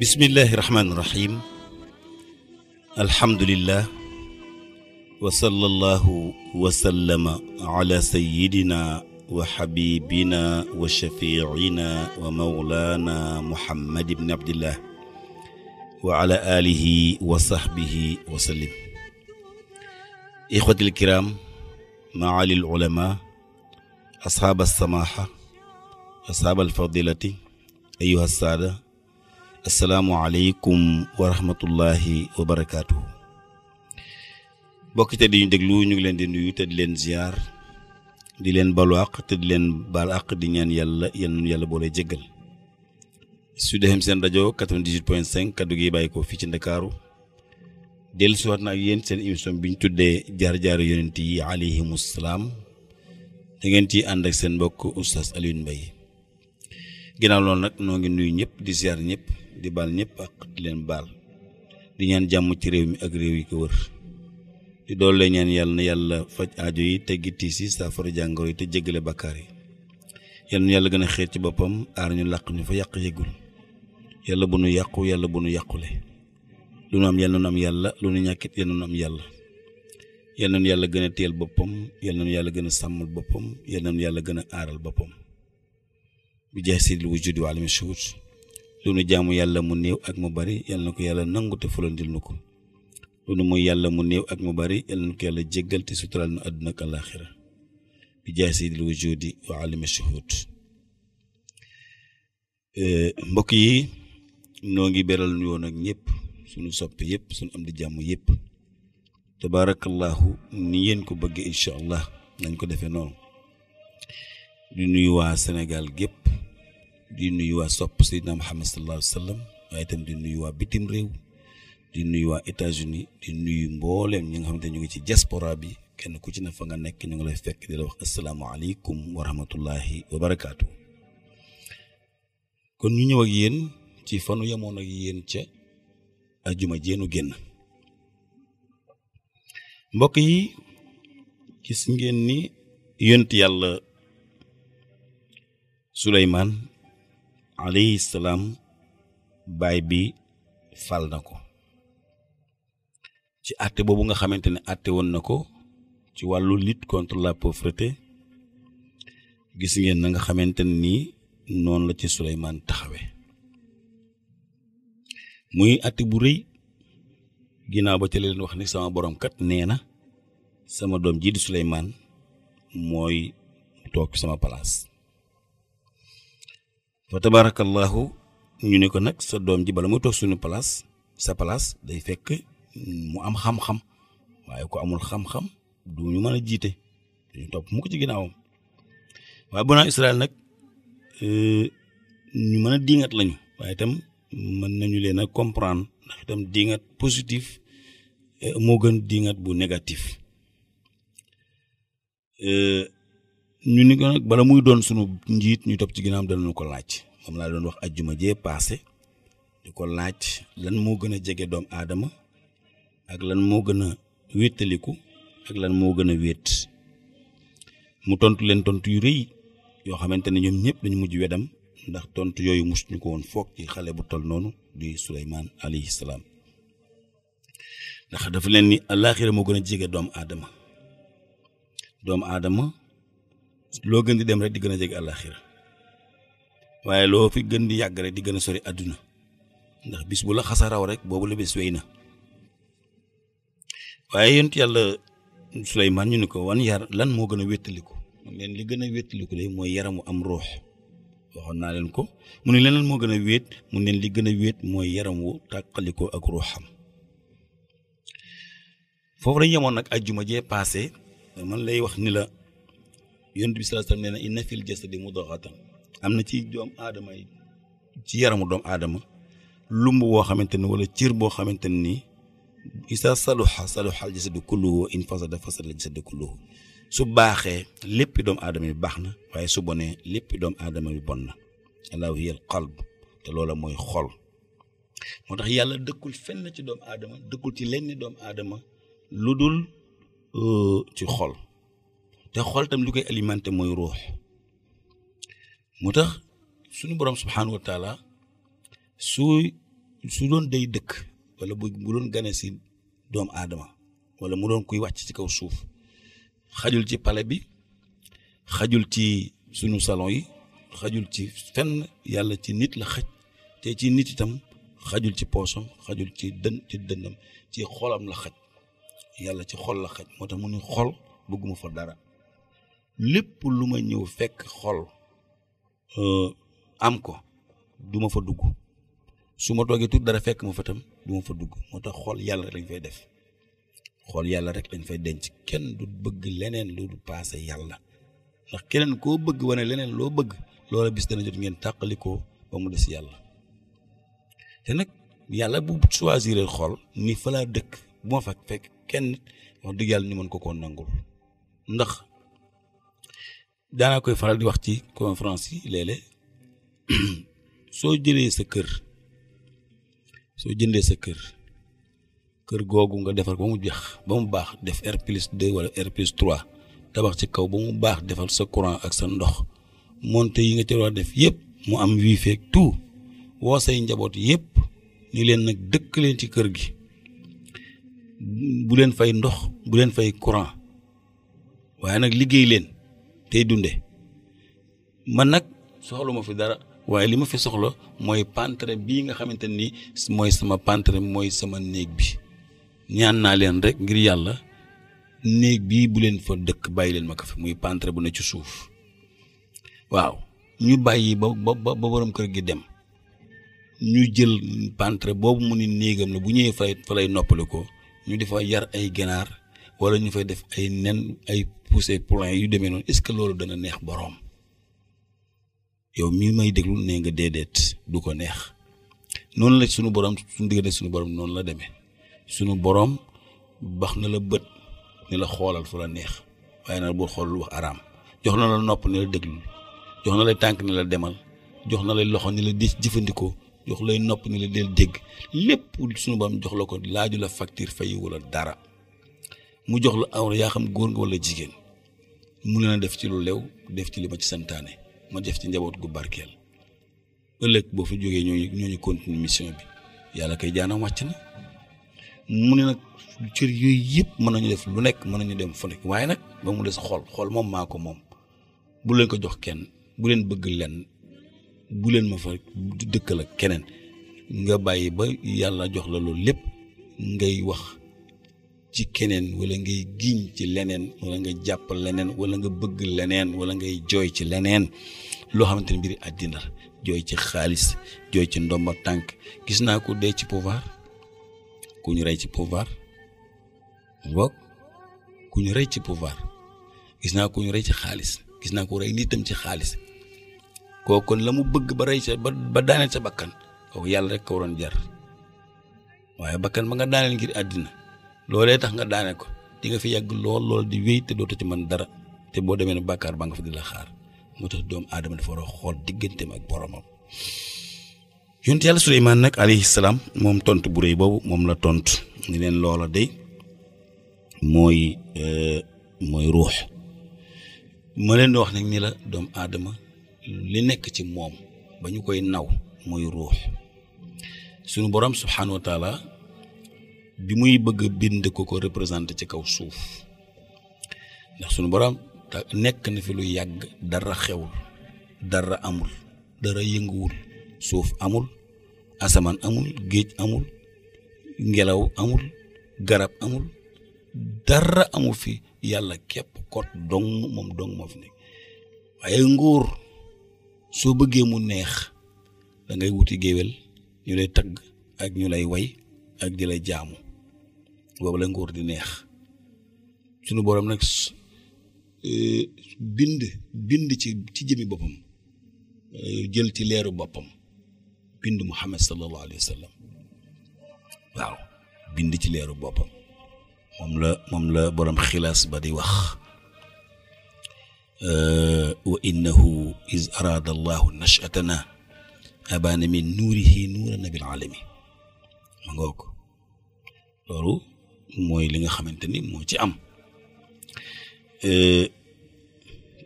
bismillahi irahmaani irahim alhamdulillah wa sallallahu wa sallama ala sayidina wa xabibina wa shafiina wa maulana muhammad ibni abdillah wa ala alihi wa sahbihi wa sallim ixwati alkiram maali alulama asxaab alsamaha asxaab alfadilati ayuha alsaada asalaamualeykum wa rahmatullahi wa barakaatu. mbokk te di ñu déglu ñu ngi leen di nuyu te di leen ziar di leen balu àq te di leen baal di ñaan yàlla yal yàlla boole jéggal. Sud FM seen rajo 98.5 kaddu gi bàyyi ko fii ci Ndakaaru dellu siwaat na ak yéen seen émission bi ñu tuddee jaar jaar yonent yi alayhimu salaam da ngeen ci ànd ak seen mbokk oustaz Alioune Mbaye ginnaaw loolu nag noo ngi nuyu ñëpp di ziar ñëpp. di baal ñëpp ak di leen baal di ñaan jàmm ci réew mi ak réew yi ko wër di doole ñaan yàlla na yàlla faj aajo yi teggi tiis yi saafara jàngoro yi te jéggale bakkaar yi yàlla na yàlla gën a xeet ci boppam aar ñu làq ñu fa yàq yëgul yàlla bu nu yàqu yàlla bu nu yàqule lu nu am yàlla nu am yàlla lu nu ñàkkit yàlla nu am yàlla yàlla na yàlla gën a teel boppam yàlla na yàlla gën a sàmmal boppam yàlla na yàlla gën a aaral boppam bi jaay si lu wujudi wa lu jàmm yàlla mu néew ak mu bari yal na ko yàlla nangu te fulandil nu ko lu mooy yàlla mu néew ak mu bari yal na ko yàlla jéggal te suturaal nu àdduna ak alaaxira bi jaay wujudi eh, mbokk yi noo ngi beral nuyoo nag ñëpp suñu soppe yëpp suñu am di jàmm yëpp tabaarakallahu ni ngeen ko bëggee incha nañ ko defee noonu di nuyu waa Sénégal gépp di nuyu waa sopp Seydina Muhammad sallallahu alayhi wa sallam waaye itam di nuyu waa bitim réew di nuyu waa États-Unis di nuyu mbooleem ñi nga xamante ñu ngi ci diaspora bi kenn ku ci ne fa nga nekk ñu ngi lay fekk di la wax asalaamaaleykum wa rahmatullahi wa barakaatu. kon ñu ñëw ak yéen ci fanu yemoon ak yéen ca ajuma jéenu génn mbokk yi gis ngeen ni yonent yàlla Suleymaan alayhi salaam baay bi fal na ko ci àtte boobu nga xamante ne àtte woon na ko ci wàllu lit contre la pauvreté gis ngeen na nga xamante ne nii noonu la ci Souleymane taxawe muy àtte bu rëy ginnaaw ba ca leen wax ni sama borom kat nee na sama doom jii di mooy toog sama place fa tabaarakallaahu ñu ne ko nag sa doom ji bala muy toog suñu place sa place day fekk mu am xam-xam waaye ku amul xam-xam du ñu mën a jiite duñu topp mu ci ginnaawam waaye bunaa Israël nag euh, ñu mën a diingat lañu waaye tam mën nañu leen a comprendre ndax itam diingat positif euh, moo gën diingat bu négatif. Euh, ñu ni ko nag bala muy doon sunu njiit ñu topp ci ginnaawam danañu ko laaj moom laa doon wax ajjuma jee paase di ko laaj lan moo gën a jege doom aadama ak lan moo gën a wéttaliku ak lan moo gën a wéet mu tontu leen tontu yu rëy yoo xamante ne ñoom ñëpp dañu mujj wedam ndax tontu yooyu mus ñu foog xale bu tol noonu di Suleymaan alayhi salaam ndax dafa leen ni alaaxira moo gën a jege doomu aadama doomu aadama loo gën di dem rek di gën a jege àllaaxira waaye loo fi gën di yàgg rek di gën a sori àdduna ndax bis bu la xasaraw rek boobu la bis wéy na waaye yonent yàlla Suleymaan ñu ne ko wan yar lan moo gën a wéttaliku leen li gën a wéttaliku lay mooy yaramu am waxoon naa leen ko mu ne leneen moo gën a wéet mu neen li gën a wéet mooy yaram wu tàqalikoo ak ruuxam foofu lañ yemoon nag ajjuma jee paase man lay wax ni la yonent bi sallallahu alayhi wa sallam nee na inna fil jasadi am na ci doom aadama yi ci yaramu doom aadama lumb boo xamante ne wala cir boo xamante ne nii isa saluha saluha al jasadu kulluhu wa in fasada fasada al jasadu kulluhu su baaxee lépp doomu aadama bi baax na waaye su bonee lépp doomu adama bi bon na alaa hiya al qalb te loola mooy xol moo tax yàlla dëkkul fenn ci doomu aadama dëkkul ci lenn doomu aadama lu dul euh, ci xol te xol tam li koy alimenté mooy ruux moo tax suñu borom subxanahu wa taala su su doon day dëkk wala bu bu doon gane si doomu aadama wala mu doon kuy wàcc ci kaw suuf xajul ci pale bi xajul ci suñu salon yi xajul ci fenn yàlla ci nit la xaj te ci nit itam xajul ci poosam xajul ci dën ci dëndam ci xolam la xaj yàlla ci xol la xaj moo tax mu ni xol bëgguma fa dara. lépp lu ma ñëw fekk xol euh, am ko duma fa dugg su ma toogee tuut dara fekk ma fa tam fa dugg moo tax xol yàlla rek lañ fay def xol yàlla rek lañ fay denc kenn du bëgg leneen du paase yàlla ndax keneen koo bëgg wane leneen loo bëgg loola bis dana jot ngeen tàqalikoo ba mu des yàlla te nag yàlla bu choisir xol ni fa laa dëkk bu ma fa fekk kenn wax dëgg yàlla ñu mën ko koo nangul ndax daanaa koy faral di wax ci conférence yi léeg soo jëlee sa kër soo jëndee sa kër kër googu nga defar ba mu jeex ba mu baax def R plus deux wala R plus trois tabax ci kaw ba mu baax defal sa courant ak sa ndox moonte yi nga ci war def yëpp mu am wifi ak tout woo say njaboot yëpp ni leen nag dëkk leen ci kër gi bu leen fay ndox bu leen fay courant waaye nag liggéey leen. tey dunde man nag soxla ma fi dara waaye li ma fi soxla mooy pantre bi nga xamante ni mooy sama pantre mooy sama néeg bi ñaan naa leen rek ngir yàlla néeg bi bu leen fa dëkk bàyyi leen ma ko fi muy pantre bu ne ci suuf waaw ñu bàyyi ba ba ba borom kër gi dem ñu jël pantre boobu mu ni néegam la bu ñëwee fa lay fa lay noppale ko ñu defa yar ay ganaar wala ñu fay def ay nen ay poussé poulain yu demee noonu est-ce que loolu dana neex boroom yow mii may déglu nee nga déedéet du ko neex noonu la sunu boroom suñu diggante sunu boroom noonu la demee sunu boroom bax na la bët ni la xoolal fu la neex waaye nag boo xool lu wax araam jox na la nopp ni la déglu jox na lay tànk ni la demal jox na lay loxo ni la di jëfandikoo jox lay nopp ni la del dégg lépp sunu boroom jox la ko laaju la facture fayiwu la dara mu jox la awra yaa xam góor nga wala jigéen mu leen na def ci lu lew def ci li ma ci santaane ma def ci njaboot gu barkeel ëllëg boo fi jógee ñooñu ñooñu continue mission bi yàlla kay jaanam wàcc na mu ne nag cër yooyu yëpp mën nañu def lu nekk mën nañu dem fu nekk waaye nag ba mu des xool xool moom maa ko moom bu leen ko jox kenn bu leen bëgg lenn bu leen ma fa dëkkal ak keneen nga bàyyi ba yàlla jox la loolu lépp ngay wax ci keneen wala ngay giñ ci leneen wala nga jàpp leneen wala nga bëgg leneen wala ngay jooy ci leneen loo xamante ne mbiri àddina jooy ci xaalis jooy ci ndomba tànk gis naa ko dee ci pouvoir ku ñu rey ci pouvoir ngoog ñu rey ci pouvoir gis naa ku ñu rey ci xaalis gis naa ku rey nitam ci xaalis kooku kon la mu bëgg ba rey sa ba daaneel sa bakkan kooku yàlla rek ko waroon jar waaye bakkan ba nga daaneel ngir àddina loolee tax nga daane ko di nga fi yàgg lool lool di wéy te dootu ci man dara te boo demee ne bàkkaar ba nga fa di la xaar moo tax doomu aadama dafa war a xool digganteem ak boromam. yonent yàlla Suleymaan nag alayhi salaam moom tontu bu rëy boobu moom la tontu ni leen loola de mooy euh, mooy ruux ma leen di wax nag ni la doomu aadama li nekk ci moom ba ñu koy naw mooy ruux sunu borom subxanahu wa bi muy bëgg bind koko ko représenté ci kaw suuf ndax sunu borom nekk na fi lu yàgg dara xewul dara amul dara yënguwul suuf amul asamaan amul géej amul ngelaw amul garab amul dara amul fi yàlla képp kot dong moom dong moo fi nekk waaye nguur soo bëggee mu neex dangay wuti géwél ñu lay tagg ak ñu lay way ak di lay jaamu boobu la nguur di neex sunu boroom nag e, bind bind ci ci jëmi boppam e, jël ci leeru boppam bind Muhammad sallallahu alayhi bind ci leeru boppam moom la moom la boroom xilaas ba di wax e, wa innahu iz araada allahu nachatana abaana min nuurihi nuura nabil alami ma ngoo mooy li nga xamante ni moo ci am euh,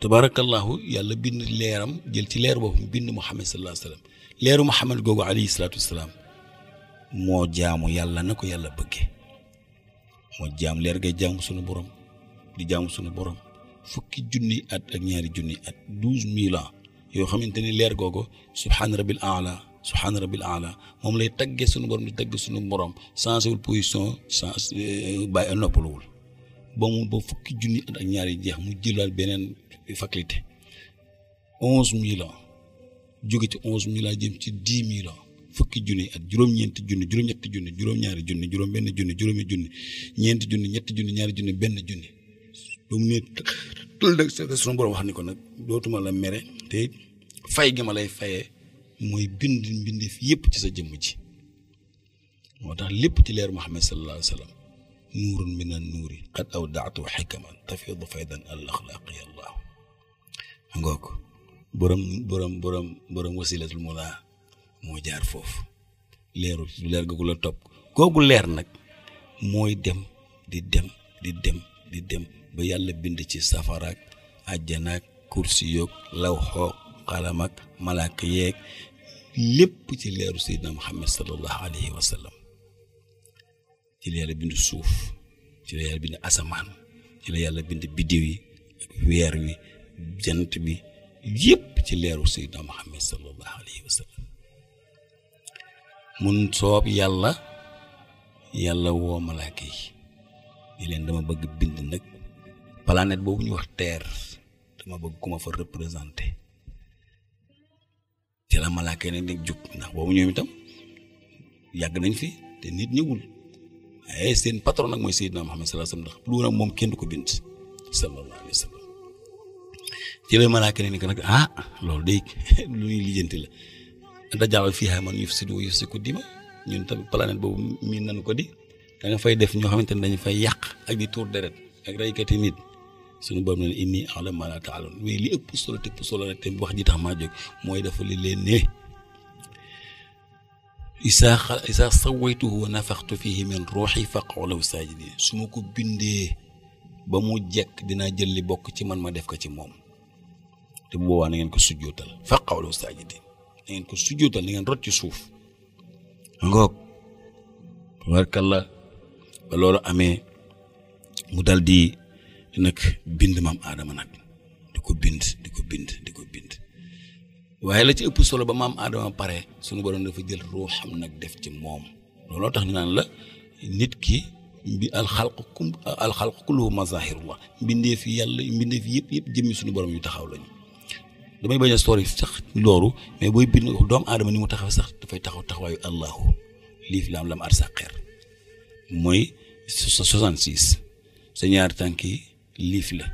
tabaarakallahu yàlla bind leeram jël ci leer boppam bind Muhammad sallallahu alayhi wa sallam leeru Muhammad googu alayhi salaatu wa salaam moo jaamu yàlla na ko yàlla bëggee moo jaam leer ngay jaamu sunu borom di jaamu sunu borom fukki junni at ak ñaari junni at douze mille ans yoo xamante ni leer googu subhaan rabbil aala subhaana rabbil ala moom lay taggee suñu borom di tagg suñu borom changé wul position changé euh, bàyyi noppaluwul ba mu ba fukki junni ak ñaari jeex mu jëlaat beneen faculté onze mille ans jóge ci onze mille ans jëm ci dix mille fukki junni at juróom-ñeenti junni juróom-ñetti juróom-ñaari junni juróom-benn junni juróomi junni ñeenti junni ñetti junni ñaari junni benn junni ba mu ne tël nag suñu borom wax ni ko nag dootuma la mere te fay gi ma lay fayee. mooy bind mbindeef yépp ci sa jëmm ji moo tax lépp ci leer Muhammad sallallahu alayhi wa sallam nuurun min an nuuri qad awdaatu xikaman tafiidu faydan al axlaaqi allah ngoog borom borom borom borom wasilatul munaa moo jaar foofu leeru leer googu la topp googu leer nag mooy dem di dem di dem di dem ba yàlla bind ci safaraak àjjanaak kursi yoog law xoo yeeg lépp ci leeru Seydina Muhammad sallallahu alayhi wa sallam ci la yàlla bind suuf ci la yàlla bind asamaan ci la yàlla bind biddiw yi ak weer wi jant bi yëpp ci leeru Seydina Muhammad sallallahu alayhi wa sallam mun soob yàlla yàlla woo malaaka yi di leen dama bëgg bind nag planète boobu ñu wax teer dama bëgg ku ma fa représenté te la malaaka yi nag jug ndax boobu ñoom itam yàgg nañ fi te nit ñëwul waaye eh, seen patron nag mooy Seydina Muhammad sallallahu alayhi wa sallam ndax lu nag moom kenn du ko bind sallallahu alayhi wa sallam ci nag ah loolu day lu ñuy lijjanti la dajaal fiihaa man yufsidu wa yusfiku dima ñun tamit planète boobu miin nañu ko di danga fay def ñoo xamante ne dañu fay yàq ak di tuur deret ak raykati nit suñu borom ne inni a'lamu ma la mais li ëpp solo te ëpp solo nag te wax ji tax maa jóg mooy dafa li leen ne isaa isaa sawaytuhu wa nafaxtu fihi min ruuxi faq'u lahu saajidin su ma ko bindee ba mu jekk dinaa jël li bokk ci man ma def ko ci moom te bu boobaa na ngeen ko sujjootal faq'u lahu saajidin na ngeen ko sujjootal na ngeen ci suuf ngoog tabaarkalla ba loolu amee mu dal di nag bind maam aadama nag di ko bind di ko bind di ko bind waaye la ci ëpp solo ba maam aadama pare suñu borom dafa jël roo xam nag def ci moom looloo tax ñu naan la nit ki mbi alxalqu kum alxalqu kulluhu mazahirullah mbindee fi yàlla mbindee fi yëpp yëpp jëmmi suñu borom yu taxaw lañu damay bañ a sori sax loolu mais booy bind doomu aadama ni mu taxaw sax dafay taxaw taxawaayu allahu liif laam lam ar saqeer mooy soixante-six sa ñaari tànk yi liif la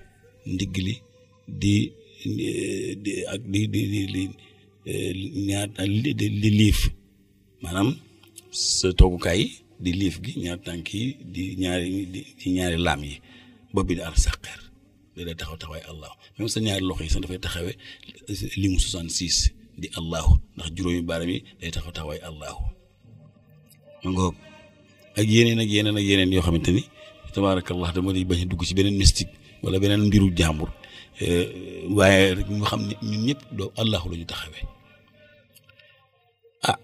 ndigg li di di ak di di di ñaar liif maanaam sa toogukaay di liif gi ñaar tànk yi di ñaari di ñaari laam yi bopp bi di ar saqeer day taxaw taxawaay allahu même sa ñaari loxo yi sax dafay taxawee li mu soixante-six di allahu ndax juróomi baaram yi day taxaw taxawaay allahu ma ngoog ak yeneen ak yeneen ak yeneen yoo xamante ni tabaarakallah dama di bañ a dugg ci beneen mystique wala beneen mbiru jàmbur eh, waaye rek ñu xam ne ñun ñëpp doo allahu la ñu taxawee ah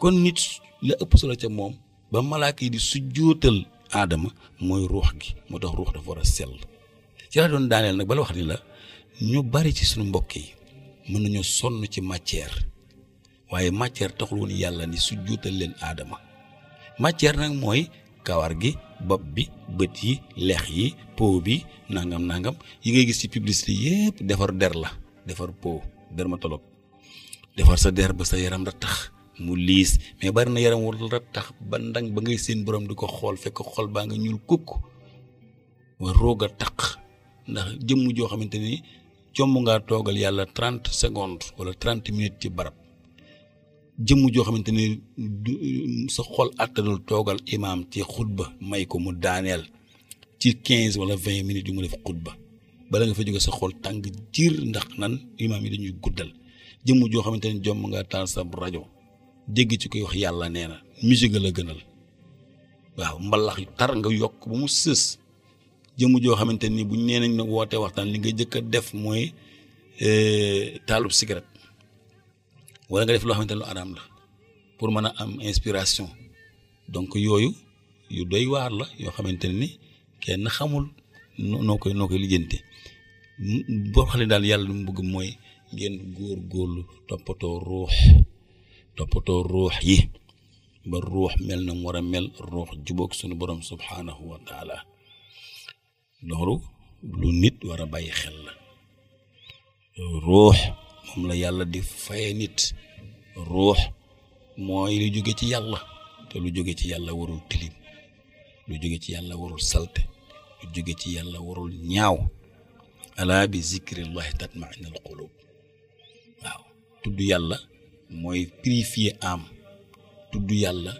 kon nit la ëpp solo ca moom ba malaaka yi di su sujjootal aadama mooy ruux gi moo tax ruux dafa war a sell ci laa doon daaneel nag bala wax ni la ñu bari ci suñu mbokk yi mën nañoo sonn ci matière waaye matière taxul woon yàlla ni sujjootal leen aadama matière nag mooy kawar gi bopp bi bët yi lex yi peau bi nangam nangam yi ngay gis ci publicité yépp defar der la defar peau dermatologue defar sa der ba sa yaram rattax mu liis mais bari na yaram warul rattax ba ndang ba ngay seen borom di ko xool fekk xool baa nga ñuul kukk war roog a taq ndax jëmm joo xamante ni jomb ngaa toogal yàlla trente secondes wala trente minutes ci barab jëmm joo xamante ne sa xol attanul toogal imaam ci xutba may ko mu daaneel ci quinze wala vingt minutes yu mu def xutba bala nga fa jóge sa xol tàng jiir ndax nan imaam yi dañuy guddal jëmm joo xamante ne jomm nga taal sa rajo dégg ci koy wax yàlla nee na musique la gënal waaw mbalax yu tar nga yokk ba mu sës jëmm joo xamante ni buñ nee nañ ne wootee waxtaan li nga jëkk a def mooy euh, taalub cigarette wala nga def loo xamante lu araam la pour mën a am inspiration donc yooyu yu doy waar la yoo xamante ni kenn xamul noo koy noo koy lijjante boo xam daal yàlla lu mu bëgg mooy ngeen góor góorlu toppatoo ruux toppatoo ruux yi ba ruux mel na mu war a mel ruux jubóog suñu borom subhaanahu wa taala lu nit war a bàyyi xel la ruux moom yàlla di faye nit ruux mooy lu jóge ci yàlla te lu jóge ci yàlla warul tilim lu jóge ci yàlla warul salte lu jóge ci yàlla warul ñaaw alaa bi zikrillahi tatma'innul qulub waaw tudd yàlla mooy purifier am tudd yàlla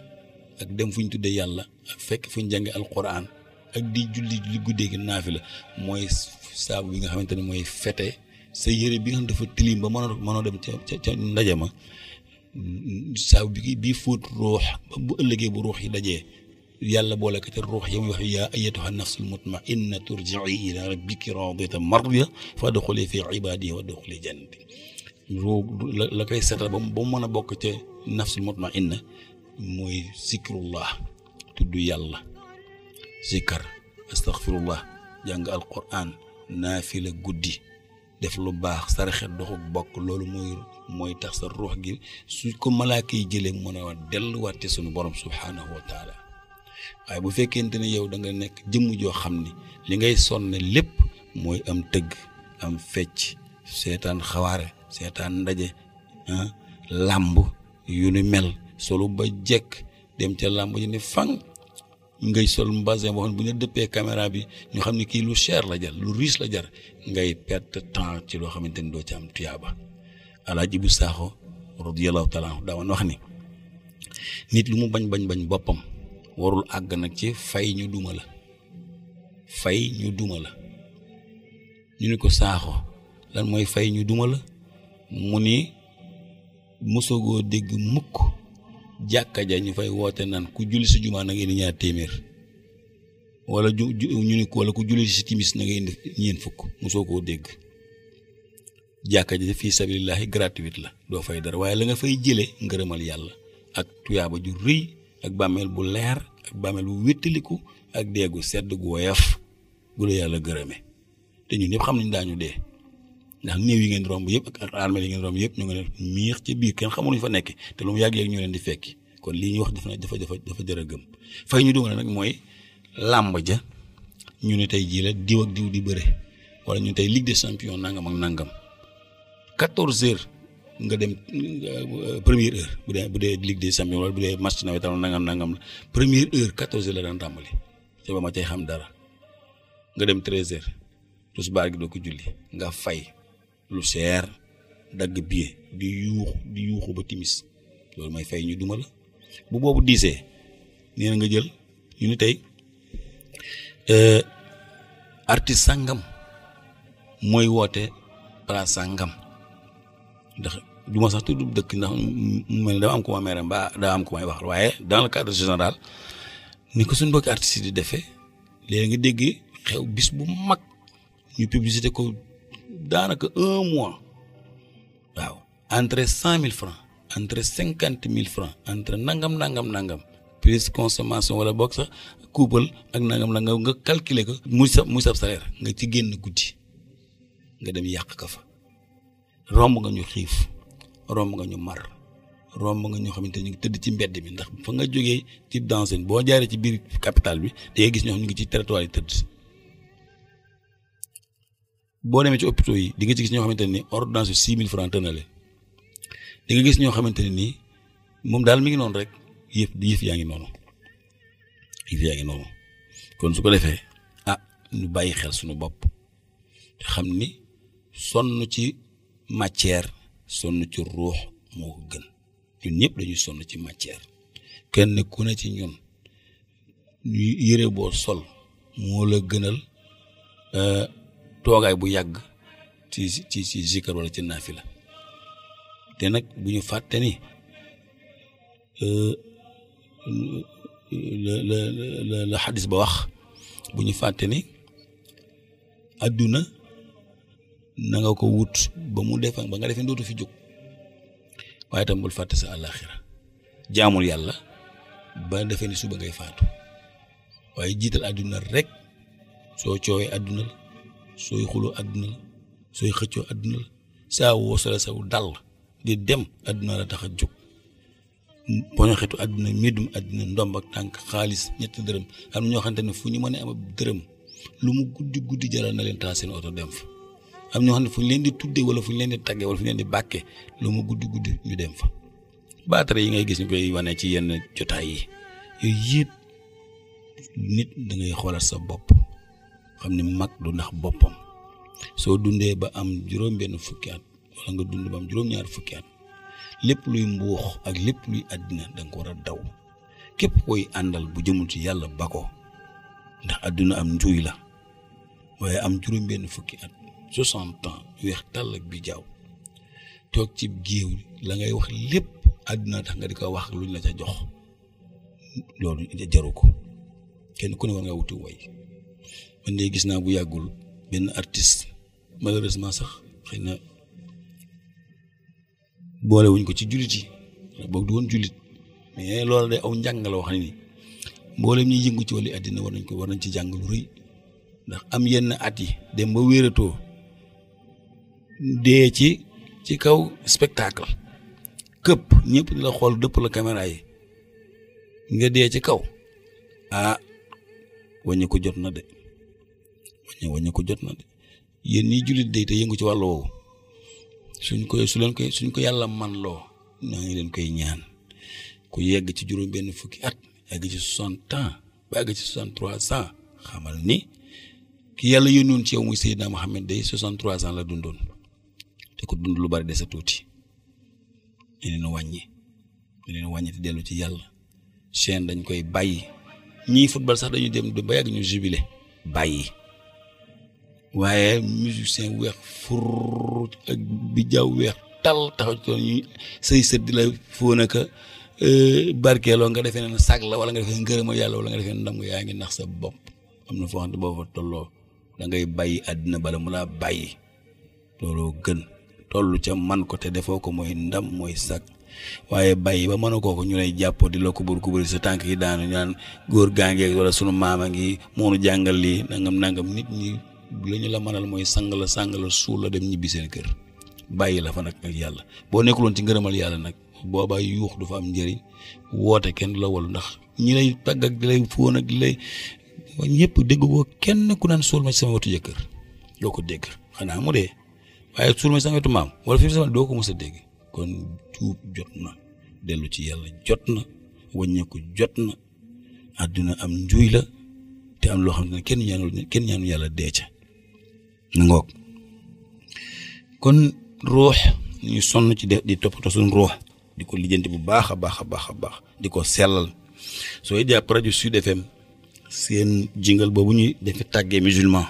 ak dem fu ñu tuddee yàlla ak fekk fu ñu jàng alquran ak di julli julli guddee gi naafi la mooy saabu bi nga xamante ne mooy fete sa yére bi nga xam dafa tilim ba mënoo mënoo dem ca ca ca ndaje ma saabu bi bii fóot ruux bu ëllëgee bu ruux yi dajee yàlla boole ko te ruux yam wax yaa ayyatuha nafsul mutmainna turjii ila rabbiki raadiyatan mardiya fadxuli fi ibaadi wadxuli jannati ruux la la koy setal ba mu mën a bokk ca nafsul mutmainna mooy zikrullah tudd yàlla zikar astaghfirullah jàng alquran naafila guddi def lu baax saraxe doxuk bokk loolu mooy mooy tax sa ruux gi su ko malaaka yi jëlee mën a delluwaat ci sunu borom subhaanahu wa taala waaye bu fekkente ne yow da nga nekk jëmm joo xam ne li ngay sonne lépp mooy am tëgg am fecc seetaan xawaare seetaan ndaje ah, làmb yu ni mel solo ba jekk dem ca làmb yu ni fang ngay sol mbasin bu nga dëppee caméra bi ñu xam ne kii lu cher la jar lu riis la jar ngay perte temps ci loo xamante ni doo ci am tuyaaba alaaji bu saaxo radiyallahu taala anhu daawoon wax ni nit lu mu bañ bañ bañ boppam warul àgg nag ci fay ñu duma la fay ñu duma la ñu ni ko saaxo lan mooy fay ñu duma la mu ni mosagoo dégg mukk jàkka ja ñu fay woote naan ku julli si jumaa na nga indi ñaar téeméer wala ju ñu ni wala ku julli si timis na nga indi ñeent fukk soo koo dégg jàkka ji fii sabilillahi gratuite la doo fay dara waaye la nga fay jëlee ngërëmal yàlla ak tuyaaba ju rëy ak bàmmeel bu leer ak bàmmeel bu wéttaliku ak deegu sedd gu woyof gu la yàlla gërëme te ñun ñëpp xam nañ daañu dee ndax new yi ngeen romb yëpp ak armée yi ngeen romb yëpp ñu ngi leen miix ci biir kenn xamul ñu fa nekk te lu mu yàgg-yàgg ñu leen di fekki kon lii ñu wax dafa dafa dafa dafa a gëm fay ñu dugal nag mooy làmb ja ñu ne tey jii la diw ak diw di bëre wala ñu tey ligue des champions nangam ak nangam 14 heures nga dem euh, première heure bu dee bu dee ligue des champions wala bu dee match nawetaan nangam nangam la première heure 14 heures la daan tàmbali ma tey xam dara nga dem 13 heures tusbaar gi doo ko julli nga fay. lu seer dagg billet di yuuxu di yuuxu ba timis loolu mooy fay ñu duma la bu boobu diisee nee na nga jël ñu ni tey euh, artiste sàngam mooy woote place sàngam ndax duma ma sax tudd dëkk ndax mu mel ne dama am ko may wax waaye dans le cadre général ni ko suñ mbokki artistes di defee léegi nga dégg xew bis bu mag ñu publicité ko daanaka un mois waaw entre cent mille francs entre cinquante mille francs entre nangam nangam nangam puis consommation wala boog sax kuubal ak nangam nangam nga calculer ko mu sa muy sa nga ci génn guddi nga dem yàq ka fa romb nga ñu xiif romb nga ñu mar romb nga ñoo xamante ñu ngi tëdd ci mbedd mi ndax fa nga jógee ci dansen boo jaaree ci biir capital bi te ngay gis ñoo ñu ngi ci territoire yi tëdd boo demee ci hôpitaux yi di nga ci gis ñoo xamante ne ni ordonnance bi six mille francs tënale di nga gis ñoo xamante ne nii moom daal mi ngi noonu rek yëf yëf yaa ngi noonu yëf yaa ngi noonu kon su ko defee ah ñu bàyyi xel suñu bopp xam ni sonn ci matière sonn ci ruux moo ko gën ñun ñëpp dañuy sonn ci matière kenn ku na ci ñun yére boo sol moo la gënal. Euh, toogaay bu yàgg ci ci ci zikar wala ci naafila te nag bu ñu fàtte ni la la la xadis ba wax bu ñu fàtte ni àdduna na nga ko wut ba mu defan ba nga defee dootu fi jóg waaye tam bul fàtte sa àllaaxira jaamul yàlla ba defee ni suba ngay faatu waaye jiital àdduna rek soo coowee àdduna sooy xuloo àdduna la sooy xëccoo àdduna la saa woo sole saw dal di dem àdduna la tax a jóg boño xetu àdduna méddum àdduna ndomb ak tànk xaalis ñetti dërëm am na ñoo xamante ne fu ñu mën am ab dërëm lu mu guddi guddi jaral na leen taal oto dem am ñoo xam ne fu ñu leen di tuddee wala fu ñu leen di tàggee wala fu ñu leen di bàkkee lu mu guddi guddi ñu dem fa baatare yi ngay gis ñu koy wane ci yenn jotaay yi yooyu yëpp nit dangay ngay sa bopp xam ne mag du ndax boppam soo dundee ba am juróom-benn fukki at wala nga dund ba am juróom-ñaar fukki at lépp luy mbuux ak lépp luy àddina da ko war a daw képp koy àndal bu jëmul ci yàlla ba ko ndax àdduna am njuuy la waaye am juróom-benn fukki at soixante ans weex tàll bi jaaw toog ci géew la ngay wax lépp àddina tax nga di ko wax luñ la ca jox loolu jaru ko kenn ku ne war nga wuti way man de gis naa bu yàggul benn artiste malheureusement sax xëy na boole wuñ ko ci jullit yi boog du woon jullit mais loolu de aw njàng la wax ne ni mboolem ñi yëngu ci wàllu àddina war nañ ko war nañ ci jàng lu rëy ndax am yenn at yi dem ba wéeratoo dee ci ci kaw spectacle këpp ñëpp di la xool dëpp la caméra yi nga dee ci kaw ah wàññi ko jot na de. ñu wàññi ko jot na de yéen ñii jullit day te yëngu ci wàllu woowu suñ ko su leen koy suñ ko yàlla man loo ñoo ngi leen koy ñaan ku yegg ci juróom-benn fukki at yegg ci soixante ans ba yegg ci soixante trois ans xamal ni ki yàlla yónnoon ci yow mu Seydina Mohamed day soixante trois ans la dundoon te ko dund lu bari des a tuuti di leen wàññi di leen wàññi te dellu ci yàlla chaîne dañ koy bàyyi ñii football sax dañu dem ba yàgg ñu jubilé bàyyi. waaye musicien weex fur ak bi jaw weex tal taxaw ci tool ñuy sët di la foo naka euh, barkeeloo nga defee ne sag la wala nga defee ngërëmal yàlla wala nga defee ndam nga yaa ngi nax sa bopp am na foo xam ne boo fa tolloo da ngay bàyyi àddina bala mu laa bàyyi looloo gën toll ca man ko te defoo ko mooy ndam mooy sag waaye bàyyi ba mën a kooku ñu lay jàppoo di la kubur kubur sa tànk yi daanu ñu naan góor gaa ngeeg wala sunu maama ngi moonu jàngal lii nangam nangam nit ñi lu ñu la mënal mooy sang la sang suul la dem ñibbi seen kër bàyyi la fa nag ak yàlla boo nekkuloon ci ngërëmal yàlla nag boobaa yuux du fa am njariñ woote kenn la ndax ñi lay tagg ak di lay fóon ak kenn ku naan suul ma ci sama ko dégg xanaa mu waaye suul ma ci doo ko mos dégg kon na dellu ci yàlla jot na wàññeeku jot na àdduna am njuuy la te loo xam ne kenn ñaanul kenn ñaanu yàlla dee ca ñu ngoog kon ruux ñu sonn ci def di toppatoo suñ ruux di ko lijjanti bu baax a baax a baax a baax di ko sellal sooy jàpp rajo Sud FM seen jingal boobu ñuy defi tàggee musulman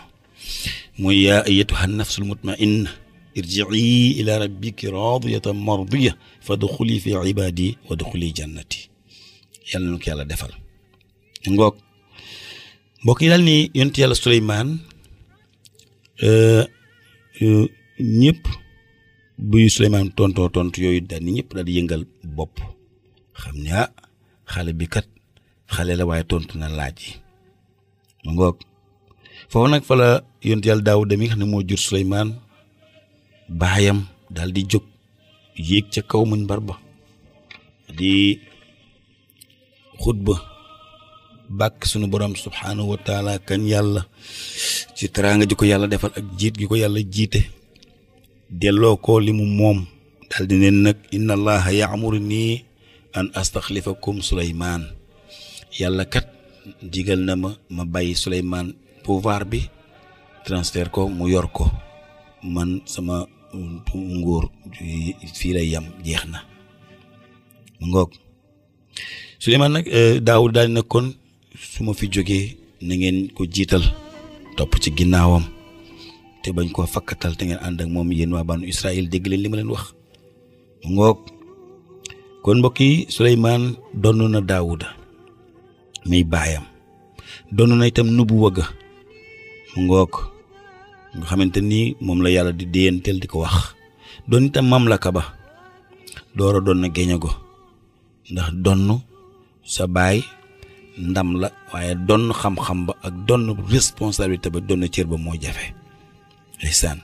mooy yaa ayyatuha nafsul mutmainna irjii ila rabbiki radiyatan mardiya fa duxuli fi jannati yàlla na ko yàlla defal ngoog mbokk daal ni yonent yàlla Suleymaan Euh, euh, ñëpp buy Souleymane tonto tontu yooyu daal ni ñëpp daal di yëngal bopp xam ne ah xale bi kat xale la waaye tontu na laaj yi mu ngoog foofu nag fa la yonent yàlla Daawuda mi nga xam ne moo jur Souleymane baayam daal di jóg yéeg ca kaw muñ mbar ba di xutba bàkk sunu borom subhaanahu wa taala kañ yàlla ci teraanga ji ko yàlla defal ak jiit gi ko yàlla jiite delloo ko li mu moom daal di neen nag inna allaha yaamuru nii an astaxlifakum suleymaan yàlla kat digal na ma ma bàyyi suleymaan pouvoir bi transfert ko mu yor ko man sama nguur fii yam jeex na ngoog Souleymane nag eh, Daawud daal na kon su ma fi jógee na ngeen ko jiital topp ci ginnaawam te bañ koo fakkatal te ngeen ànd ak moom yéen waa banu Israël dégg leen li ma leen wax mu ngoog kon mbokk yi Suleymaan donn na Daawuda muy baayam donn na itam nubu wëgga mu ngoog nga xamante ni moom la yàlla di déyanteel di ko wax doon itam mamlaka ba doora doon na géñe go ndax donn sa baay ndam la waaye donn xam-xam ba ak donn responsabilité ba donn cër ba moo jafe ndeysaan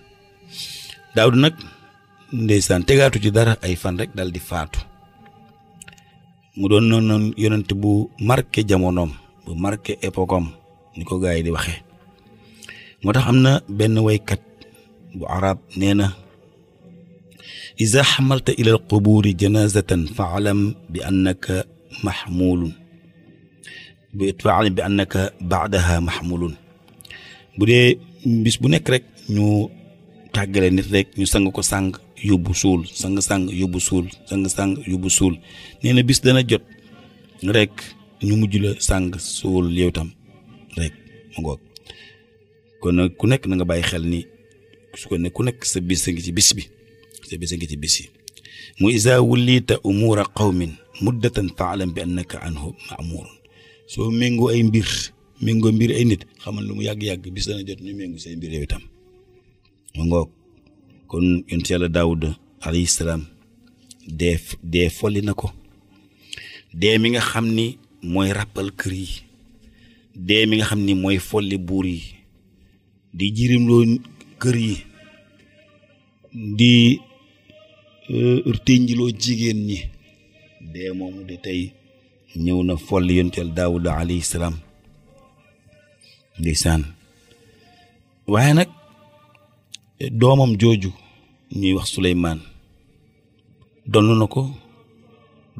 daawud nag ndeysaan tegaatu ci dara ay fan rek dal di faatu mu doon noonu yonent bu marke jamonoom bu marqué époque ni ko gars yi di waxee moo tax am na benn waykat bu arab nee na iza xamalta ila al qubuuri janazatan fa alam bi annaka maxmuulun bi faalim bi annaka baadaha mahmulun bu dee bis bu nekk rek ñu tàggale nit rek ñu sang ko sang yóbbu suul sang sang yóbbu suul sang sang yóbbu suul nee na bis dana jot rek ñu mujj la sang suul yow tam rek mu ngoog kon nag ku nekk na nga bàyyi xel ni su ko ku nekk sa bis a ngi ci bis bi sa bis a ngi ci bis yi mu isa wullita umuura qawmin muddatan faalam bi annaka anhu maamurun soo méngoo ay mbir méngoo mbir ay nit xamal lu mu yàgg-yàgg bis dana jot ñu méngu say mbir yow itam mu ngoog kon yonent yàlla daawud alayhi salaam dee folli na ko dee mi nga xam ni mooy ràppal kër yi dee mi nga xam ni mooy folli buur yi di loo kër yi di euh, tënjiloo jigéen ñi dee moomu di tey ñëw na foll yonteel daawuda alayhi salaam saan waaye nag doomam jooju ñuy wax suleymaan donn na ko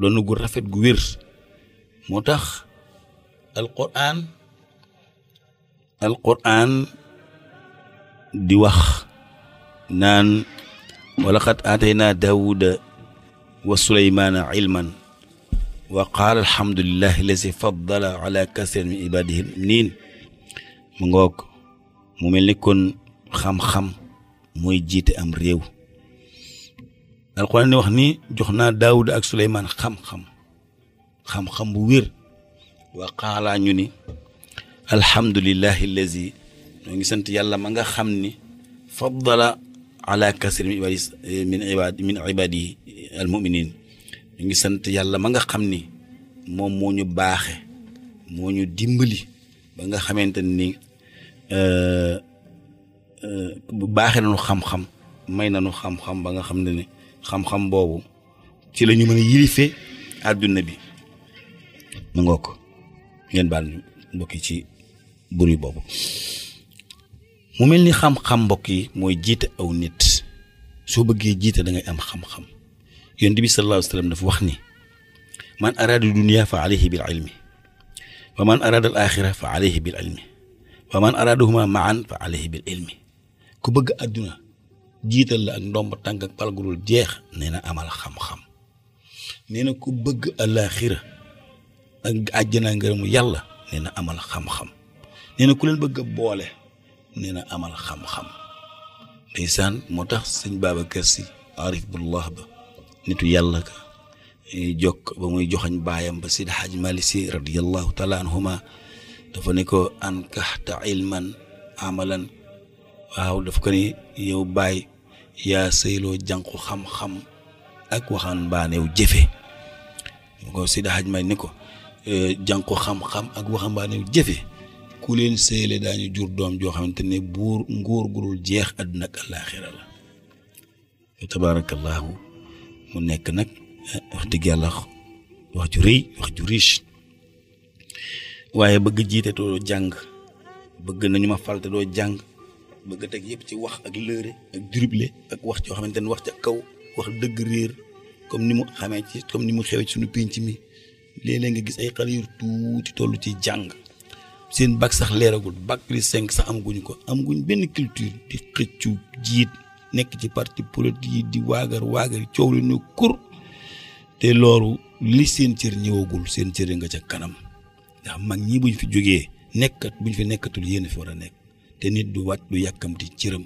donn gu rafet gu wér moo tax alquran alquran di wax naan walaqad aataynaa daawuda wa suleymaana ilman wa qaala alhamdulillahi lazi faddala ala kasirin min ibadihi niin mu ngoog mu mel ni kon xam-xam mooy jiite am réew alxuraan ni wax ni jox naa daawuda ak suleymaan xam-xam xam bu wér wa qaala ñu ni alhamdulillahi lazi ñoo ngi sant yàlla ma nga xam ni faddala ala kasirin min ibadi min ibadi al ñu ngi sant yàlla ma nga xam ni moom moo ñu baaxe moo ñu dimbali ba nga xamante ni bu euh, euh, baaxee nañu xam-xam may nañu xam-xam ba nga xam ni xam-xam boobu ci lañu ñu mën a yilife àdduna bi mu ngoo ko ngeen baal ñu mbokki ci buri boobu mu mel ni xam-xam mbokk yi mooy jiite aw nit soo bëggee jiite da ngay am xam-xam yonent bi sallallahu alayhi wa dafa wax ni man araada dunia fa alayhi bil ilmi wa man araada al man araadahuma maan fa alayhi bil ilmi ku bëgg àdduna jiital la ak ndomb tànk ak palgurul jeex nee na amal xam-xam nee na ku bëgg alaaxira ak àjjana ngërëmu yàlla nee amal xam-xam nee na ku leen bëgg boole nee na amal xam-xam ndeysaan moo tax sëñ Babacar Si arif bullah ba nitu yàlla ka eh, jokk ba muy joxañ baayam ba Seydi Hajji Si radiyallahu taala anhuma dafa ne ko ankaxta ilman amalan waaw daf ko ni yow baay yaa sëyloo jànku xam-xam jëfe ko Seydi Hajji ni ko eh, jànku xam ak waxaan baaneew jëfe ku leen sëyle daañu jur doom joo xamante ne buur nguur gurul jeex àdduna ak àllaaxira la tabaarakallaahu mu nekk nag eh, wax dëgg yàlla wax ju rëy wax ju riche waaye bëgg jiite doo jàng bëgg nañu ma falte doo jàng bëgg teg yëpp ci wax ak lëre ak dribble ak wax joo xamante ne wax ca kaw wax dëgg réer comme ni mu xamee ci comme ni mu xewee ci suñu pénc mi léeg-léeg nga gis ay xale yu tuuti toll ci jàng seen bag sax leeragul bac li cinq sax am guñ ko am guñ benn culture di xëccu jiit nekk ci parti politique yi di waagar waagar coow li ñu kur te loolu li seen cër ñëwagul seen cër nga ca kanam ndax mag ñi buñ fi jógee nekkat buñ fi nekkatul yéen fi war a nekk te nit du wat du yàkkamti cëram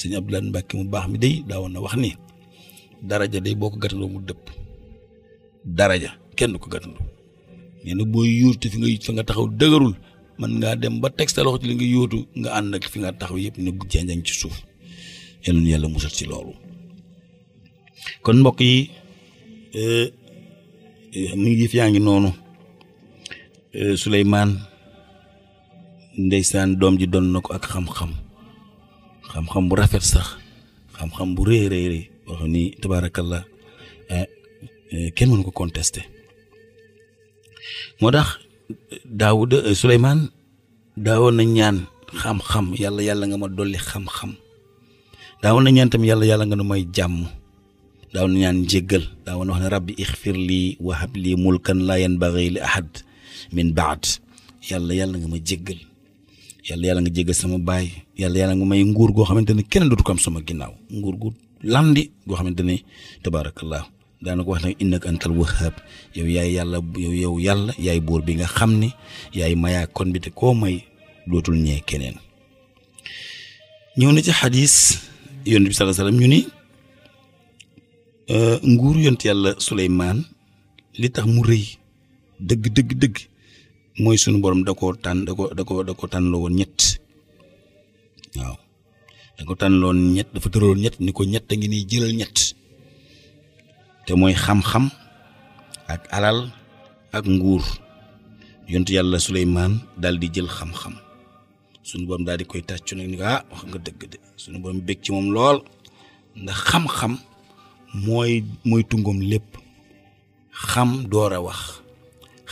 sëñ Abdoulaye Mbacke mu baax mi day daawoon na wax ni daraja day boo ko gàttandoo mu dëpp daraja kenn ko gàttandoo nee na booy yóotu fi nga fi nga taxaw dëgërul mën ngaa dem ba teg sa loxo ci li nga yóotu nga ànd ak fi nga taxaw yëpp ne bu ci suuf yàlla nu ci loolu kon mbokk yi e, e, mu ngi yëf yaa ngi noonu e, Souleymane ndeysaan doom ji doon na ko ak xam-xam xam-xam bu rafet sax xam-xam bu rëy rëy rëy boo xam ni tabaarakallah kenn mën ko contesté moo tax Daawuda Souleymane daawoon na ñaan xam-xam yàlla yàlla nga ma dolli xam-xam daawoon na ñaan tam yàlla yàlla nga nu may jàmm daawoon na ñaan njéggal daawoon na wax ne rabbi ixfir lii wahab lii mulkan laa yanbaghi li ahad min baad yàlla yàlla nga ma jéggal yàlla yàlla nga jéggal sama baay yàlla yàlla nga may nguur goo xamante ne kenn dootu ko am sama ginnaaw nguur gu landi goo xamante ne tabaarakallah daana ko wax nag innaka antal wahhab yow yaay yàlla yow yow yàlla yaay buur bi nga xam ne yaay mayaa kon bi te koo may dootul ñee keneen ñëw na ci xadis yonent bi sallallahu alayhi wasallam ñu ni euh, nguuru yonent yàlla Suleymaan li tax mu rëy dëgg dëgg dëgg mooy sunu borom da koo tànn da ko da ko da ko tànnloo woon ñett waaw da ko tànnloon ñett dafa tëraloon ñett ni ko ñett a ngi nii jëlal ñett te mooy xam-xam ak alal ak nguur yonent yàlla Suleymaan daal di jël xam-xam suñu borom daal di koy tàccu nag ni ko ah wax nga dëgg de suñu borom bég ci moom lool ndax xam-xam mooy mooy tungoom lépp xam door a wax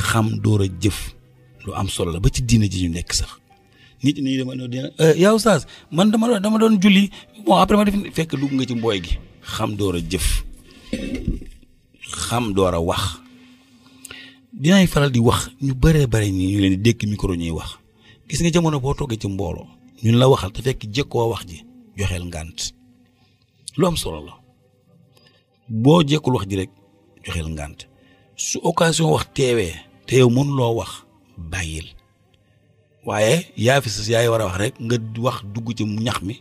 xam door a jëf lu am solo la ba ci diina ji ñu nekk sax nit ñi dama eh, yow Oustaz man dama dama doon julli bon dugg nga ci mbooy gi xam door a jëf xam door a wax dinaay faral di wax ñu bëree bëri nii ñu leen di dékk micro ñuy wax gis nga jamono boo toogee ci mbooloo ñun la waxal te fekk jëkkoo wax ji joxeel ngànt lu am solo la boo jekkul wax ji rek joxeel ngànt su occasion wax teewee te yow mënuloo wax bàyyil waaye yaa fi sa yaay war a wax rek nga wax dugg ci ñax mi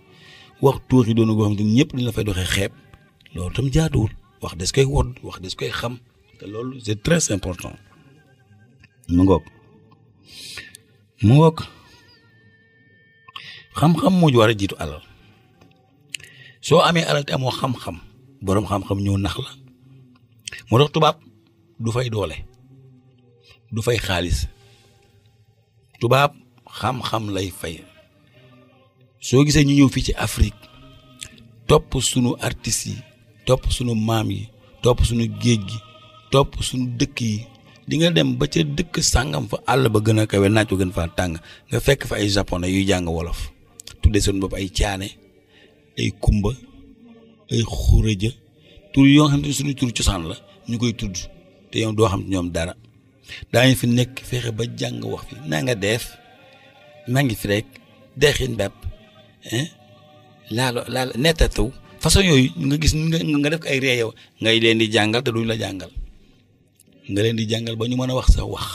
wax tuux yi doon goo xam ñëpp dañ la fay doxee xeeb loolu tam jaaduwul wax des koy wodd wax des koy xam te loolu c'est très important mu ngoog xam-xam moo war a jiitu alal soo amee alal te amoo xam-xam boroom xam-xam ñëw nax la moo tax tubaab du fay doole du fay xaalis tubaab xam-xam lay fay soo gisee ñu ñëw fii ci Afrique topp sunu artistes yi topp sunu maam yi topp sunu géej gi topp sunu dëkk yi di nga dem ba ca dëkk sàngam fa àll ba gën a kawee naaj ko gën faa tàng nga fekk fa ay japonais yuy jàng wolof tuddee seen bopp ay caane ay kumba ay xurëja tur yoo xam ne suñu tur cosaan la ñu koy tudd te yow doo xam ñoom dara daañu fi nekk fexe ba jàng wax fi nga def maa ngi fi rek deexin bépp laalo laalo nettataw façon yooyu nga gis nga def ay réew yow ngay leen di jàngal te duñ la jàngal nga leen di jàngal ba ñu mën a wax sa wax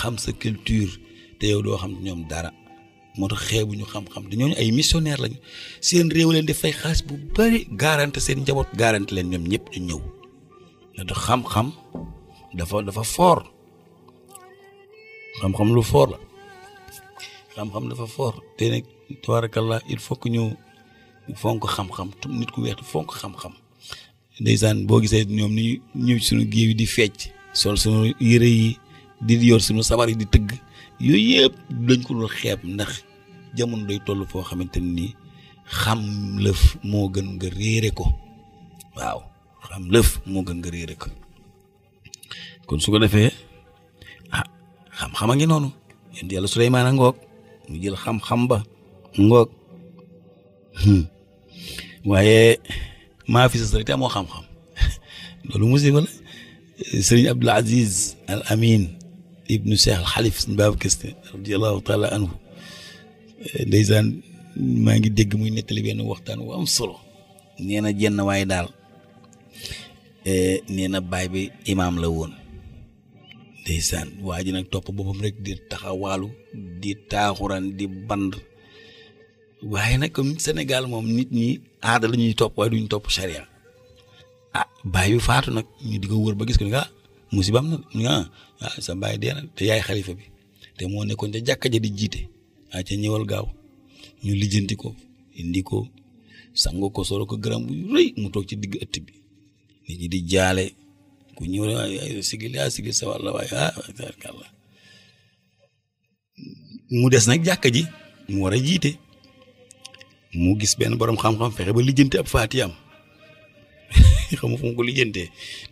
xam sa culture te yow doo xam ñoom dara moo tax xeebuñu xam-xam dañooñu ay missionnaire lañu seen réew leen di fay xaalis bu bari garante seen njaboot garante leen ñoom ñëpp ñu ñëw da tax xam-xam dafa dafa foor xam-xam lu foor la xam-xam dafa foor te nag tabarakallah il faut que ñu fonk xam-xam nit ku weex fonk xam-xam ndeysaan boo gisee ñoom ni ñëw suñu géew yi di fecc sol suñu yëre yi di yor suñu sabar yi di tëgg yooyu yëpp dañ ko doon ndax jamono day toll foo xamante ni xam lëf moo gën nga réere ko waaw xam lëf moo gën nga réere ko kon su ko defee ah xam-xam a ngi noonu yéen yàlla Suleymaan a ngoog mu jël xam-xam ba ngoog hmm. waaye maa fi sa sëriñ te amoo xam-xam loolu musiba la sëriñ Abdul Aziz Al Amin ibnu Cheikh al Xalif sëñ Babacar Si radiallahu taala anhu ndeysaan maa ngi dégg muy nettali benn waxtaan wu am solo nee jenn waaye daal e, nee na baay bi imaam la woon ndeysaan waa ji nag topp boppam rek di taxawaalu di taaxuraan di band waaye nag comme Sénégal moom nit ñi aada la ñuy topp waaye duñ topp charia ah baay bi faatu nag ñu di wër ba gis ko ni ah musiba am na ah ah sa baay dee na moo nekkoon jàkka ja di jiite ah ca ñëwal gaaw ñu lijjanti ko indi ko sango ko solo ko gërëm bu rëy mu toog ci digg ëtt bi nit ñi di jaale ku ñëw ay sigil ah sa wàll waaye ah mu des nag jàkka ji mu war a jiite mu gis benn borom xam-xam fexe ba lijjanti ab faatiyam xam fu mu ko lijjantee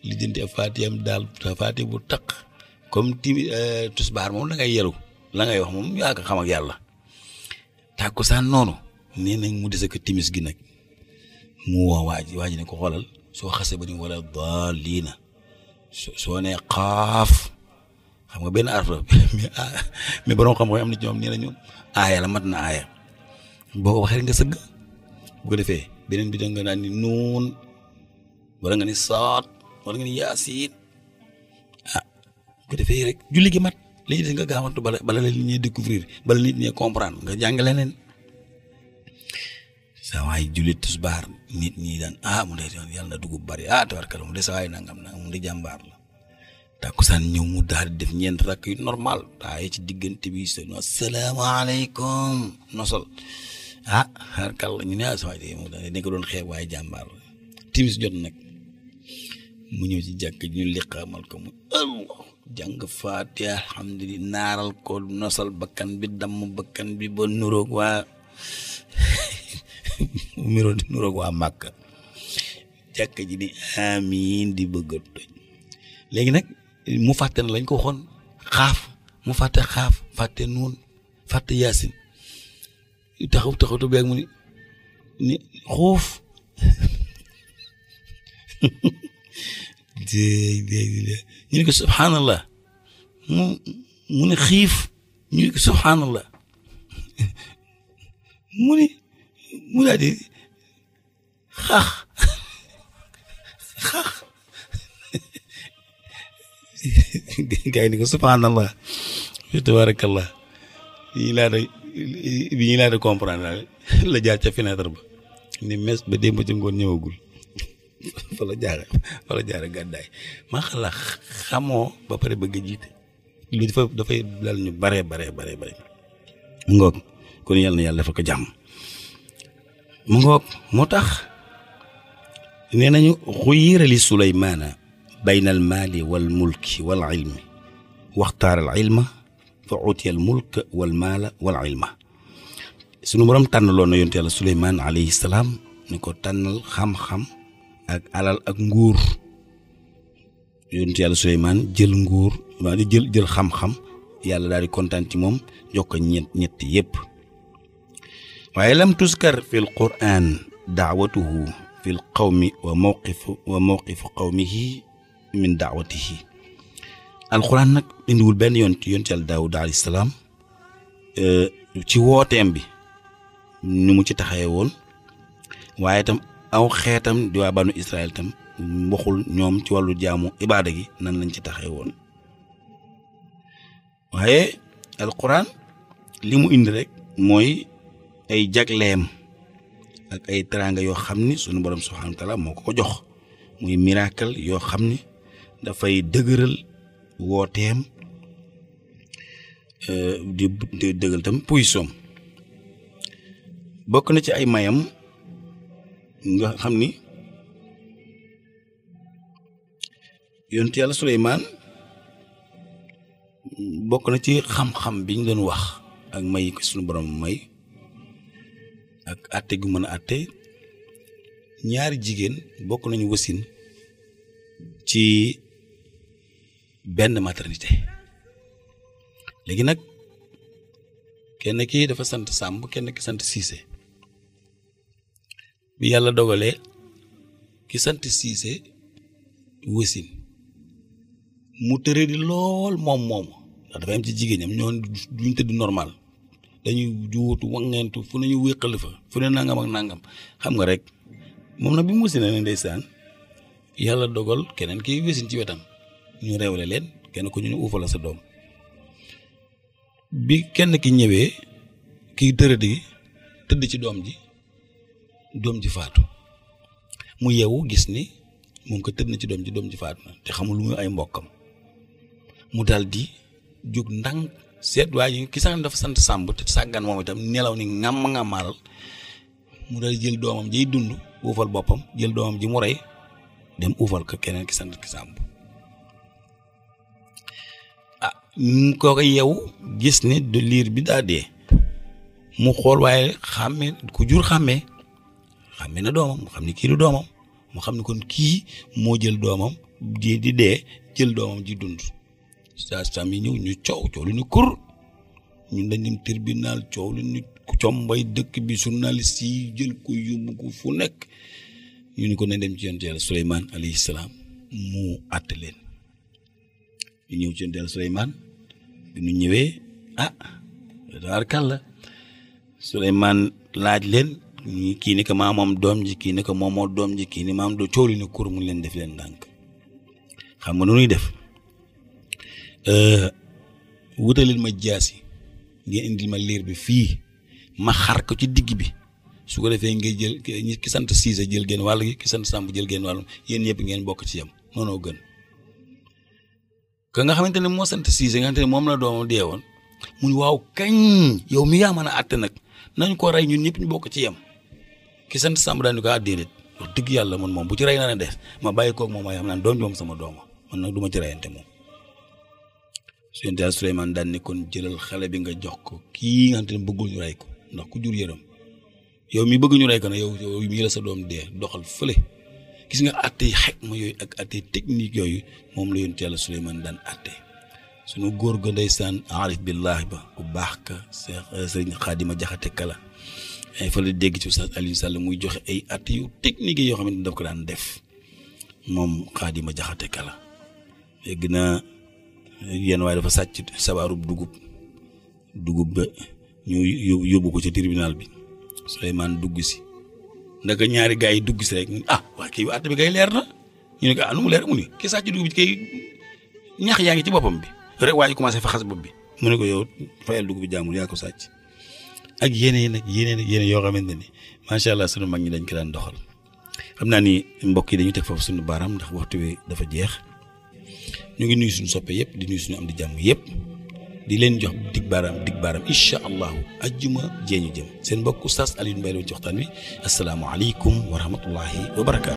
lijjante ab faatiyam daal faati bu taq comme timi euh, tusbaar moom la ngay yaru la ngay wax moom yaa ko xam ak yàlla tàkkusaan noonu nee nañ mu dese ko timis gi nag mu woo waa ji waa ne ko xoolal soo xasee ba ñu wala daalina soo nee xaaf xam nga benn araf la mais ah, borom xam nga am na ci ñoom la mat na aaya boo ko nga sëgg bu defee beneen bi nga naan nuun wala nga ni saat wala nga ni yaasiin ah bu defee rek julli gi mat li des nga gaawantu bala bala la ñi découvrir bala nit ñi comprendre nga jàng leneen saa waay julli tisbaar nit ñi daan ah mu dee yàlla na dugub bari ah tabarkala mu de saa waay nangam nangam mu de jàmbaar la tàkkusaan ñëw mu daal di def ñeent rakk yu normal taaye ci diggante bi seen asalaamaaleykum nosol ah xarkal ñu ne ah saa waay mu nekk doon xeeb waaye jàmbaar la timis jot nag. mu ñëw ci jàkk ji ñu liqaamal ko mu allah jàng faatiha alhamdulilah naaral ko nosal bakkan bi damm bakkan bi ba nuroog waa miro nuroog waa màkka ji ni amiin di bëgg a toj nag mu fàtte na lañ ko waxoon xaaf mu fàtte xaaf fàtte nuun fàtte yaasin taxaw taxawtu beeg mu ni xuuf déedéet ñu ne ko subhanallah mu mu ne xiif ñu ne ko subhanallah mu ne mu daal di xaax ko subhanallah tabarakallah bi ñu laa da bi ñu laa comprendre la jaar ca fenêtre ba ni mes ba démb ci ngoon ñëwagul fa la jaara fa la jaara gàddaay maa xala xamoo ba pare bëgg a lu dafa dafay dal ñu bare bare bare bare mu ngoog kon yàlla na yàlla dafa ko jàmm mu moo tax nee nañu xuyirali suleymaana bayna al maali wal mulki wal ilmi waxtaar al ilma fa utiya al wal maala wal ilma sunu borom tànnaloon na yonte yàlla suleymaan alayhi salaam ni ko tànnal xam-xam ak alal ak nguur yonent yàlla Suleymaan jël nguur waa di jël jël xam-xam yàlla daal di kontaan ci moom jox ko ñett ñett yépp waaye lam tuskar fil quraan daawatuhu fil qawmi wa mawqifu wa nag indiwul benn yoon yonent yàlla daawud alayhi salaam euh, ci wooteem bi ni mu ci taxawee waaye tam aw xeetam di waa banu Israël tam waxul ñoom ci wàllu jaamu ibaada gi nan lañ ci taxe woon waaye alquran li mu indi rek mooy ay jagleem ak ay teraanga yoo xam ni sunu borom subhaanahu wa moo ko ko jox muy miracle yoo xam ni dafay dëgëral wooteem euh, di dëggal tam puy soom bokk na ci ay mayam nga xam ni yonent yàlla Suleymaan bokk na ci xam-xam bi ñu doon wax ak may ko suñu borom may ak àtte gu mën a àtte ñaari jigéen bokk nañu wasin ci benn maternité léegi nag kenn ki dafa sant Samb kenn ki sant Cissé bi yàlla dogalee ki sant siise wësin mu tëre di lool moom moom ndax dafa am ci jigéenam ñoo duñ tëdd normal dañuy juutu wàññeentu fu ne ñu wéqal fa fu ne nangam ak nangam xam nga rek moom nag bi mu wësina ne ndeysaan yàlla dogal keneen kiy wësin ci wetam ñu réewle leen kenn ku ñu ne uufa sa doom bi kenn ki ñëwee ki tëre di tëdd ci doom ji. doom ji faatu mu yeewu gis ni moom ko tëdd na ci doom ji doom ji faatu na te xamul lu muy ay mbokkam mu daal di jóg ndànk seet waaye ki sant sàmb te sàggan moom itam nelaw ni ngàmm ngàmmaaral mu daal jël doomam jiy dund uufal boppam jël doomam ji mu rey dem uufal ko keneen ki sant ki sàmb ah kooku yow gis ne de liir bi daa dee mu xool waaye xàmmee ku jur xàmmee xàmme na doomam mu xam ni kii du doomam mu xam ni kon kii moo jël doomam di di dee jël doomam ji dund sage-femme yi ñëw ñu coow coow lu ñu kur ñun dañ dem tribunal coow lu ñu combay dëkk bi journaliste yi jël ko yóbbu ko fu nekk ñu ni ko nañ dem ci yonent yàlla Suleymaan alayhi salaam mu àtte leen ñu ñëw ci yonent yàlla ñëwee ah daar kàlla Suleymaan laaj leen kii ni ko maamam doom ji kii ni ko moomoo doom ji kii ni maam doo coow li ne kur mu leen def leen ndànk xam nga nu ñuy def euh, wutalil ma jaas yi ngeen indil ma liir bi fii ma xar ko ci digg bi su defee ngay jël ki sant siise jël genn wàll gi ki jël genn wàll yéen ñëpp ngeen bokk ci yem noonu gën ka nga xamante ne moo sant siise nga xamante ne moom la doomam woon mu waaw kañ yow mi yaa mën a àtte nag nañ ko rey ñun ñëpp ñu bokk ci yem ki sant Samb daan ah, dëgg yàlla man moom bu ci rey naa ne des ma bàyyi koog moom ay xam naan doom sama dooma man nag du ma ci reyante moom. Sëñ Talla Souleymane daan ne kon jëlal xale bi nga jox ko kii nga xam rey ko ndax ku jur yërëm yow mi bëgg ñu ko nag yow yow sa doom dee doxal fële gis nga atte yi xekma yooyu ak atte technique yooyu moom la Yonent Yàlla Souleymane daan atte sunu góor ga ndeysaan arif billahi ba bu baax ka Seex Sëriñ Xaadima Jaxate Kala yaa fa la dégg ci Oustaz muy joxe ay at yu technique yoo xam ne daf ko daan def moom Xaadima Jaxate Kala dégg naa yenn waaye dafa sàcc sabaarub dugub dugub ba ñu yóbbu ko ci tribunal bi maan dugg si ndaka ñaari gars yi dugg si rek ah waa kii at bi kay leer na ñu ne ah nu mu leer mu ni ki sàcc dugub bi kay ñax yaa ngi ci boppam bi rek waa ji commencé fa xas bopp bi mu ne ko yow fayal dugub bi jaamul yaa ko sàcc ak yeneen ak yeneen ak yeneen yoo xamante ni macha allah sunu mag ñi dañ ko daan doxal xam naa ni mbokk yi dañu teg foofu suñu baaraam ndax waxtu wi dafa jeex ñu ngi nuyu suñu soppee yëpp di nuyu suñu am di jàmm yëpp di leen jox dig baaraam dig baaraam incha allahu ajjuma jee ñu jëm seen mbokk Oustaz Alioune Mbaye la ci waxtaan wi asalaamualeykum wa rahmatullahi wa barakaatu.